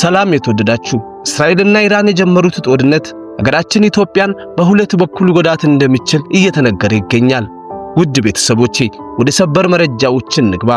ሰላም የተወደዳችሁ እስራኤልና ኢራን የጀመሩት ጦርነት ሀገራችን ኢትዮጵያን በሁለት በኩል ጎዳት እንደሚችል እየተነገረ ይገኛል። ውድ ቤተሰቦቼ ወደ ሰበር መረጃዎችን ንግባ።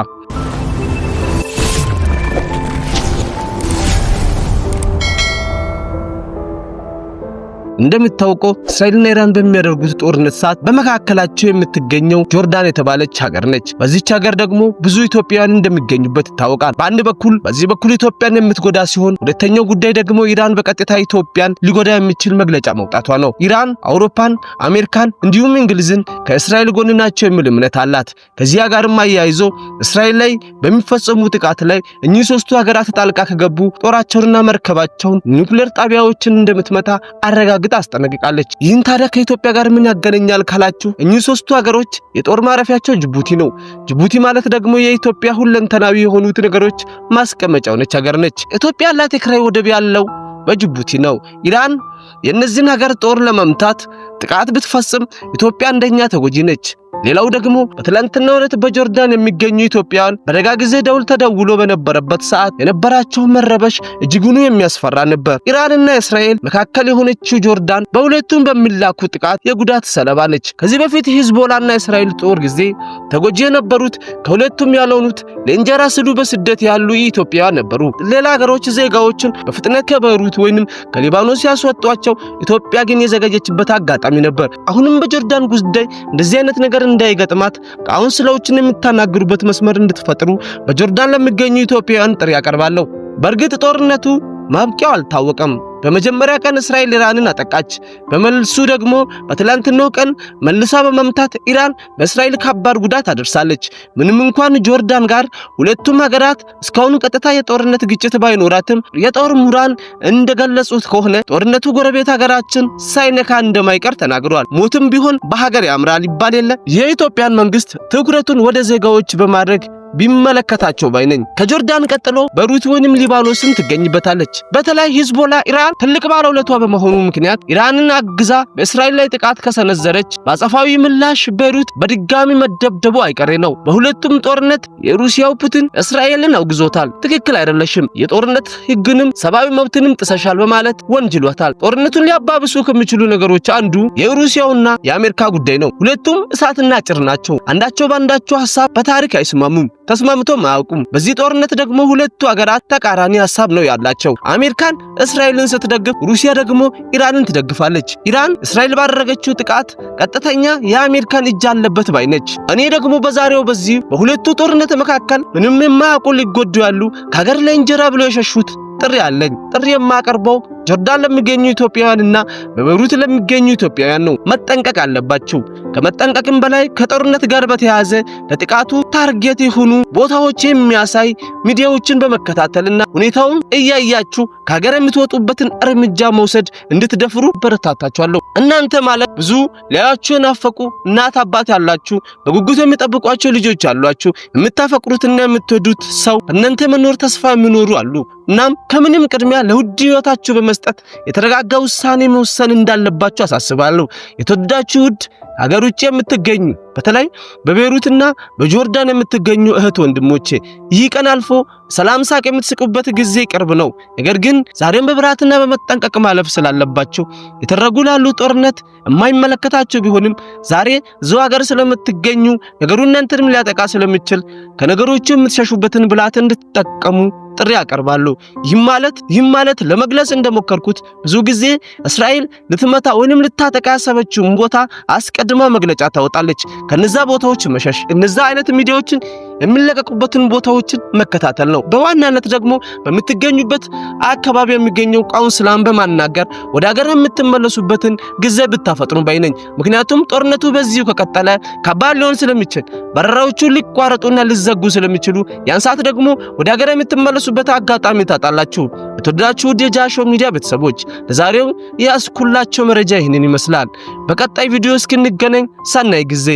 እንደምታውቀው እስራኤልና ኢራን በሚያደርጉት ጦርነት ሰዓት በመካከላቸው የምትገኘው ጆርዳን የተባለች ሀገር ነች። በዚች ሀገር ደግሞ ብዙ ኢትዮጵያውያን እንደሚገኙበት ይታወቃል። በአንድ በኩል በዚህ በኩል ኢትዮጵያን የምትጎዳ ሲሆን፣ ሁለተኛው ጉዳይ ደግሞ ኢራን በቀጥታ ኢትዮጵያን ሊጎዳ የሚችል መግለጫ መውጣቷ ነው። ኢራን አውሮፓን፣ አሜሪካን እንዲሁም እንግሊዝን ከእስራኤል ጎን ናቸው የሚል እምነት አላት። ከዚያ ጋርም አያይዞ እስራኤል ላይ በሚፈጸሙ ጥቃት ላይ እኚህ ሶስቱ ሀገራት ጣልቃ ከገቡ ጦራቸውንና መርከባቸውን ኒውክሌር ጣቢያዎችን እንደምትመታ አረጋግጥ ታስጠነቅቃለች። ይህን ታዲያ ከኢትዮጵያ ጋር ምን ያገናኛል ካላችሁ እኚህ ሶስቱ ሀገሮች የጦር ማረፊያቸው ጅቡቲ ነው። ጅቡቲ ማለት ደግሞ የኢትዮጵያ ሁለንተናዊ የሆኑት ነገሮች ማስቀመጫ የሆነች ሀገር ነች። ኢትዮጵያ ያላት የክራይ ወደብ ያለው በጅቡቲ ነው። ኢራን የእነዚህን ሀገር ጦር ለመምታት ጥቃት ብትፈጽም ኢትዮጵያ አንደኛ ተጎጂ ነች። ሌላው ደግሞ በትላንትና ዕለት በጆርዳን የሚገኙ ኢትዮጵያውያን በደጋ ጊዜ ደውል ተደውሎ በነበረበት ሰዓት የነበራቸው መረበሽ እጅጉኑ የሚያስፈራ ነበር። ኢራንና እስራኤል መካከል የሆነችው ጆርዳን በሁለቱም በሚላኩ ጥቃት የጉዳት ሰለባ ነች። ከዚህ በፊት ሂዝቦላና እስራኤል ጦር ጊዜ ተጎጂ የነበሩት ከሁለቱም ያልሆኑት ለእንጀራ ስሉ በስደት ያሉ ኢትዮጵያውያን ነበሩ። ሌላ ሀገሮች ዜጋዎችን በፍጥነት ከበሩት ወይንም ከሊባኖስ ያስወጡ ሲሏቸው ኢትዮጵያ ግን የዘገየችበት አጋጣሚ ነበር። አሁንም በጆርዳን ጉዳይ እንደዚህ አይነት ነገር እንዳይገጥማት ካውንስለሮችን የምታናግሩበት መስመር እንድትፈጥሩ በጆርዳን ለሚገኙ ኢትዮጵያውያን ጥሪ ያቀርባለሁ። በእርግጥ ጦርነቱ ማብቂያው አልታወቀም። በመጀመሪያ ቀን እስራኤል ኢራንን አጠቃች። በመልሱ ደግሞ በትላንትናው ቀን መልሳ በመምታት ኢራን በእስራኤል ከባድ ጉዳት አደርሳለች። ምንም እንኳን ጆርዳን ጋር ሁለቱም ሀገራት እስካሁን ቀጥታ የጦርነት ግጭት ባይኖራትም የጦር ምሁራን እንደገለጹት ከሆነ ጦርነቱ ጎረቤት ሀገራችን ሳይነካ እንደማይቀር ተናግሯል። ሞትም ቢሆን በሀገር ያምራል ይባል የለ የኢትዮጵያን መንግስት ትኩረቱን ወደ ዜጋዎች በማድረግ ቢመለከታቸው ባይነኝ ከጆርዳን ቀጥሎ በሩት ወይንም ሊባኖስም ትገኝበታለች። በተለይ ሂዝቦላ ኢራን ትልቅ ባለውለቷ በመሆኑ ምክንያት ኢራንን አግዛ በእስራኤል ላይ ጥቃት ከሰነዘረች በአጸፋዊ ምላሽ በሩት በድጋሚ መደብደቡ አይቀሬ ነው። በሁለቱም ጦርነት የሩሲያው ፑቲን እስራኤልን አውግዞታል። ትክክል አይደለሽም፣ የጦርነት ህግንም ሰብአዊ መብትንም ጥሰሻል በማለት ወንጅሏታል። ጦርነቱን ሊያባብሱ ከሚችሉ ነገሮች አንዱ የሩሲያውና የአሜሪካ ጉዳይ ነው። ሁለቱም እሳትና ጭር ናቸው። አንዳቸው በአንዳቸው ሀሳብ በታሪክ አይስማሙም። ተስማምቶም አያውቁም። በዚህ ጦርነት ደግሞ ሁለቱ አገራት ተቃራኒ ሀሳብ ነው ያላቸው። አሜሪካን እስራኤልን ስትደግፍ፣ ሩሲያ ደግሞ ኢራንን ትደግፋለች። ኢራን እስራኤል ባደረገችው ጥቃት ቀጥተኛ የአሜሪካን እጅ አለበት ባይ ነች። እኔ ደግሞ በዛሬው በዚህ በሁለቱ ጦርነት መካከል ምንም የማያውቁ ሊጎዱ ያሉ ከሀገር ለእንጀራ ብለው የሸሹት ጥሪ አለኝ። ጥሪ የማቀርበው ጆርዳን ለሚገኙ ኢትዮጵያውያን እና በቤይሩት ለሚገኙ ኢትዮጵያውያን ነው መጠንቀቅ አለባቸው። ከመጠንቀቅም በላይ ከጦርነት ጋር በተያያዘ ለጥቃቱ ታርጌት የሆኑ ቦታዎች የሚያሳይ ሚዲያዎችን በመከታተልና ሁኔታውን እያያችሁ ከሀገር የምትወጡበትን እርምጃ መውሰድ እንድትደፍሩ በረታታችኋለሁ። እናንተ ማለት ብዙ ሊያያችሁ የናፈቁ እናት አባት ያላችሁ፣ በጉጉት የሚጠብቋቸው ልጆች አሏችሁ፣ የምታፈቅሩትና የምትወዱት ሰው እናንተ መኖር ተስፋ የሚኖሩ አሉ። እናም ከምንም ቅድሚያ ለውድ ህይወታችሁ በመ መስጠት፣ የተረጋጋ ውሳኔ መወሰን እንዳለባችሁ አሳስባለሁ። የተወደዳችሁ ውድ ሀገር ውጭ የምትገኙ በተለይ በቤሩትና በጆርዳን የምትገኙ እህት ወንድሞቼ ይህ ቀን አልፎ ሰላም ሳቅ የምትስቁበት ጊዜ ቅርብ ነው። ነገር ግን ዛሬም በብርሃትና በመጠንቀቅ ማለፍ ስላለባቸው የተደረጉ ላሉ ጦርነት የማይመለከታቸው ቢሆንም ዛሬ እዚሁ ሀገር ስለምትገኙ ነገሩ እናንተንም ሊያጠቃ ስለሚችል ከነገሮቹ የምትሸሹበትን ብልሃት እንድትጠቀሙ ጥሪ ያቀርባሉ። ይህም ማለት ይህም ማለት ለመግለጽ እንደሞከርኩት ብዙ ጊዜ እስራኤል ልትመታ ወይንም ልታጠቃ ያሰበችውን ቦታ አስቀድማ መግለጫ ታወጣለች። ከነዛ ቦታዎች መሸሽ እነዛ አይነት ሚዲያዎችን የሚለቀቁበትን ቦታዎችን መከታተል ነው። በዋናነት ደግሞ በምትገኙበት አካባቢ የሚገኘው ቋንስላን በማናገር ወደ ሀገር የምትመለሱበትን ጊዜ ብታፈጥኑ ባይነኝ። ምክንያቱም ጦርነቱ በዚሁ ከቀጠለ ከባድ ሊሆን ስለሚችል በረራዎቹ ሊቋረጡና ሊዘጉ ስለሚችሉ ያን ሰዓት ደግሞ ወደ ሀገር የምትመለሱበት አጋጣሚ ታጣላችሁ። የተወደዳችሁ የጃሾ ሚዲያ ቤተሰቦች ለዛሬው ያስኩላቸው መረጃ ይህንን ይመስላል። በቀጣይ ቪዲዮ እስክንገናኝ ሰናይ ጊዜ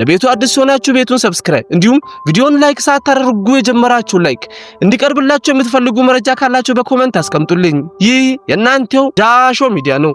ለቤቱ አዲስ ሆናችሁ ቤቱን ሰብስክራይብ እንዲሁም ቪዲዮን ላይክ ሳታደርጉ የጀመራችሁ ላይክ እንዲቀርብላችሁ የምትፈልጉ መረጃ ካላችሁ በኮመንት አስቀምጡልኝ። ይህ የእናንተው ዳሾ ሚዲያ ነው።